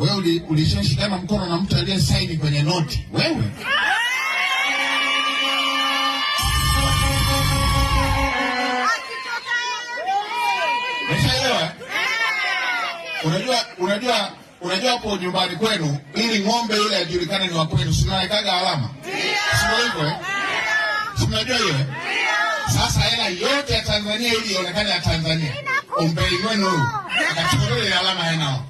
Wewe uli, ulishashikana mkono na mtu aliye saini kwenye noti wewe? Unajua, unajua, unajua hapo nyumbani kwenu, ili ng'ombe yule ajulikane ni wa kwenu, si mnawekaga alama, sio hivyo? Eh? Si mnajua hiyo? Eh? Sasa hela yote ya Tanzania ili ionekane ya Tanzania, ombei akachukua ile alama yenao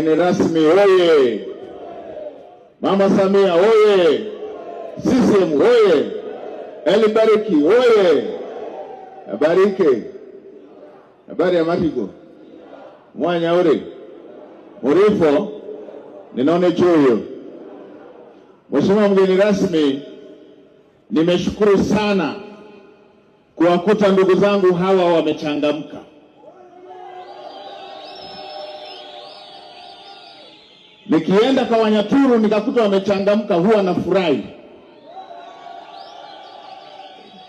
Mgeni rasmi oye! Mama Samia oye! CCM hoye! Elibariki oye Habari ike habari ya matigo mwanya uri murifo ninaone choyo. Mheshimiwa mgeni rasmi, nimeshukuru sana kuwakuta ndugu zangu hawa wamechangamka. Nikienda kwa Wanyaturu nikakuta wamechangamka, huwa nafurahi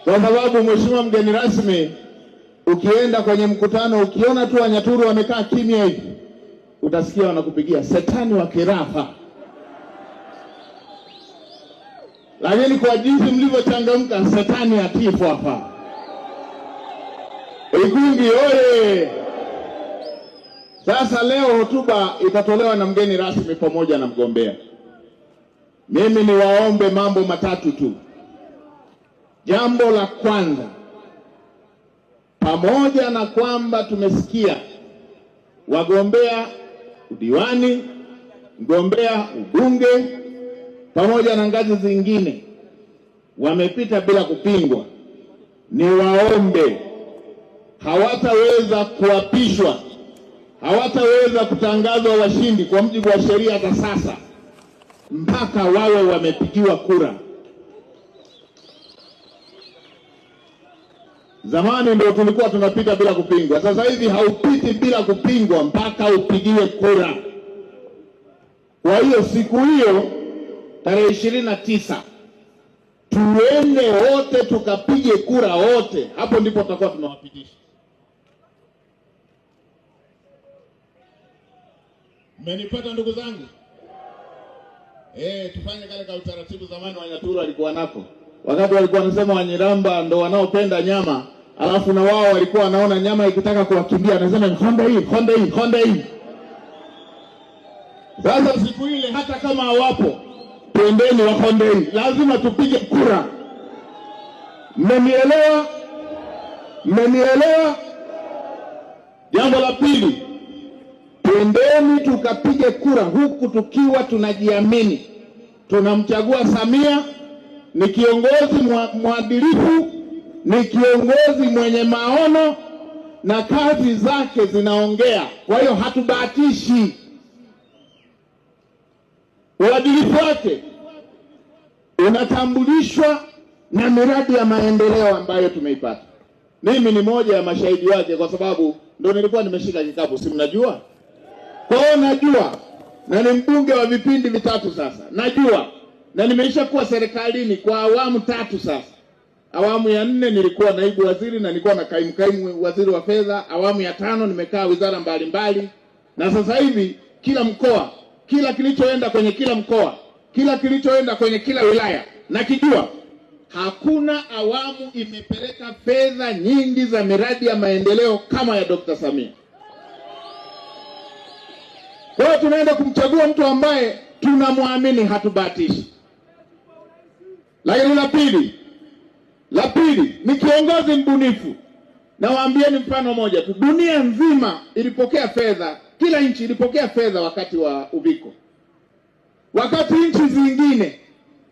kwa sababu, mheshimiwa mgeni rasmi, ukienda kwenye mkutano ukiona tu Wanyaturu wamekaa kimya hivi, utasikia wanakupigia setani wa kirafa. Lakini kwa jinsi mlivyochangamka, setani atifu hapa. Ikungi oye! Sasa leo hotuba itatolewa na mgeni rasmi pamoja na mgombea. Mimi niwaombe mambo matatu tu. Jambo la kwanza, pamoja na kwamba tumesikia wagombea udiwani, mgombea ubunge pamoja na ngazi zingine wamepita bila kupingwa, niwaombe hawataweza kuapishwa hawataweza kutangazwa washindi kwa mujibu wa sheria za sasa mpaka wawe wamepigiwa kura. Zamani ndio tulikuwa tunapita bila kupingwa, sasa hivi haupiti bila kupingwa mpaka upigiwe kura. Kwa hiyo siku hiyo tarehe ishirini na tisa tuende wote tukapige kura wote, hapo ndipo tutakuwa tunawapitisha. Mmenipata ndugu zangu? Eh, tufanye kale ka utaratibu zamani Nyaturu walikuwa nako, wakati walikuwa wanasema Wanyiramba ndo wanaopenda nyama, alafu na wao walikuwa wanaona nyama ikitaka kuwakimbia anasema honde hii, honde hii, honde hii. Sasa siku ile hata kama hawapo, twendeni wahonde hii, lazima tupige kura. Mmenielewa? Mmenielewa? Jambo la pili Twendeni tukapige kura huku tukiwa tunajiamini, tunamchagua Samia. Ni kiongozi mwadilifu, ni kiongozi mwenye maono na kazi zake zinaongea. Kwa hiyo hatubahatishi, uadilifu wake unatambulishwa na miradi ya maendeleo ambayo tumeipata. Mimi ni moja ya mashahidi wake, kwa sababu ndo nilikuwa nimeshika kikapu, si mnajua. Kwa hiyo najua na ni mbunge wa vipindi vitatu sasa, najua na nimeisha kuwa serikalini kwa awamu tatu sasa. Awamu ya nne nilikuwa naibu waziri na nilikuwa na kaimu kaimu waziri wa fedha. Awamu ya tano nimekaa wizara mbalimbali, na sasa hivi kila mkoa, kila kilichoenda kwenye kila mkoa, kila kilichoenda kwenye kila wilaya nakijua. Hakuna awamu imepeleka fedha nyingi za miradi ya maendeleo kama ya Dr. Samia. Kwa hiyo tunaenda kumchagua mtu ambaye tunamwamini, hatubahatishi. Lakini la pili, la pili ni kiongozi mbunifu. Nawaambieni mfano moja tu, dunia nzima ilipokea fedha, kila nchi ilipokea fedha wakati wa uviko, wakati nchi zingine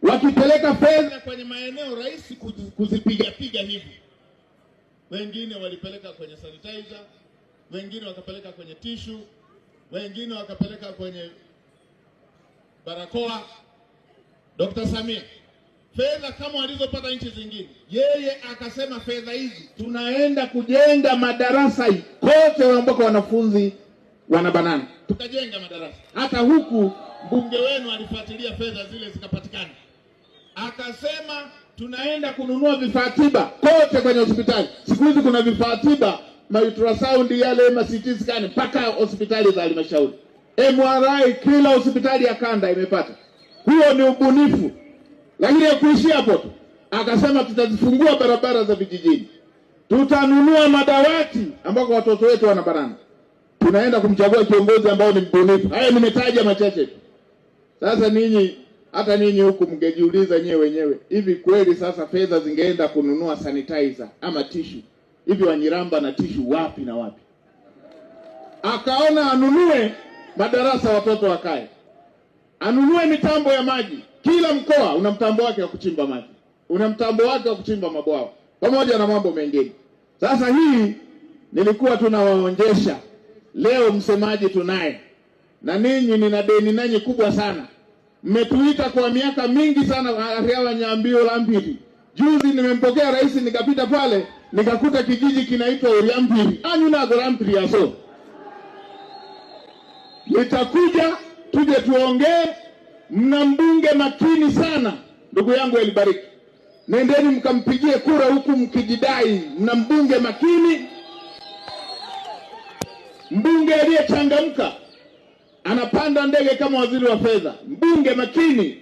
wakipeleka fedha kwenye maeneo rahisi kuzipigapiga hivi, wengine walipeleka kwenye sanitizer, wengine wakapeleka kwenye tishu wengine wakapeleka kwenye barakoa. Dr. Samia fedha kama walizopata nchi zingine, yeye akasema fedha hizi tunaenda kujenga madarasa kote ambako wanafunzi banana, tukajenga madarasa. Hata huku mbunge wenu alifuatilia fedha zile zikapatikana, akasema tunaenda kununua vifaa tiba kote kwenye hospitali. Siku hizi kuna vifaa tiba ma ultrasound yale ma CT scan mpaka hospitali za halmashauri, MRI kila hospitali ya kanda imepata. Huo ni ubunifu, lakini hakuishia hapo tu. Akasema tutazifungua barabara za vijijini, tutanunua madawati ambako watoto wetu wanabarana. Tunaenda kumchagua kiongozi ambao ni mbunifu. Haya nimetaja machache tu. Sasa ninyi hata ninyi huku mngejiuliza nyewe wenyewe, hivi kweli sasa fedha zingeenda kununua sanitizer ama tissue? hivi Wanyiramba na tishu wapi na wapi? Akaona anunue madarasa watoto wakae, anunue mitambo ya maji. Kila mkoa una mtambo wake wa kuchimba maji, una mtambo wake wa kuchimba mabwawa pamoja na mambo mengine. Sasa hii nilikuwa tunawaonjesha leo msemaji tunaye, na ninyi nina deni nanyi kubwa sana. Mmetuita kwa miaka mingi sana, la lampiti. Juzi nimempokea rais, nikapita pale nikakuta kijiji kinaitwa Uriampiri anyuna gorampiri yaso. Nitakuja tuje tuongee, mna mbunge makini sana, ndugu yangu Elibariki. Nendeni mkampigie kura huku mkijidai mna mbunge makini, mbunge aliyechangamka, anapanda ndege kama waziri wa fedha, mbunge makini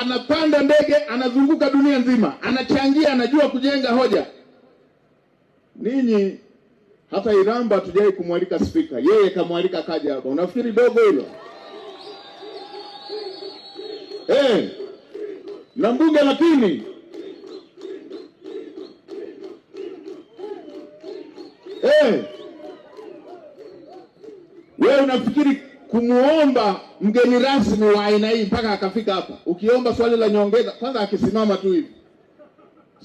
anapanda ndege, anazunguka dunia nzima, anachangia, anajua kujenga hoja. Ninyi hata Iramba tujai kumwalika spika, yeye kamwalika kaja hapa. Unafikiri dogo hilo eh? Na mbunge lakini eh, wewe unafikiri kumuomba mgeni rasmi wa aina hii mpaka akafika hapa, ukiomba swali la nyongeza kwanza, akisimama tu hivi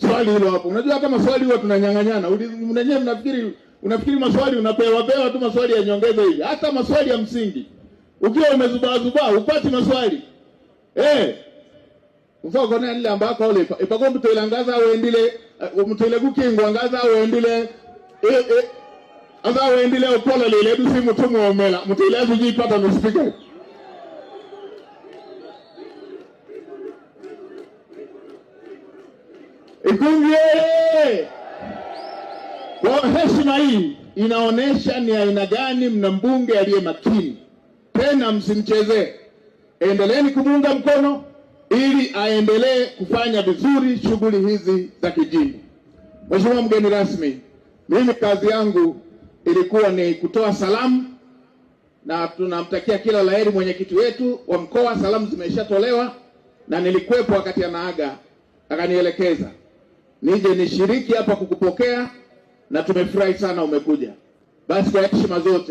swali hilo hapo. Unajua hata maswali huwa tunanyang'anyana. Mwenyewe mnafikiri unafikiri maswali unapewa pewa tu maswali ya nyongeza hivi. Hata maswali ya msingi. Ukiwa umezubaa zubaa upati maswali. Eh. Unfa kona nile ambako ole ipako mtu ile au endile eh, mtu ile guki ngwangaza au endile eh eh. Angaza aendile opola lile simu mtu muomela mtu ile azijipata msipike. Ikungi Kwa heshima hii inaonyesha ni aina gani mna mbunge aliye makini, tena msimchezee. Endeleeni kumuunga mkono ili aendelee kufanya vizuri shughuli hizi za kijiji. Mheshimiwa mgeni rasmi, mimi kazi yangu ilikuwa ni kutoa salamu na tunamtakia kila laheri mwenyekiti wetu wa mkoa. Salamu zimeshatolewa na nilikuwepo wakati anaaga, akanielekeza nije nishiriki hapa kukupokea, na tumefurahi sana umekuja. Basi kwa heshima zote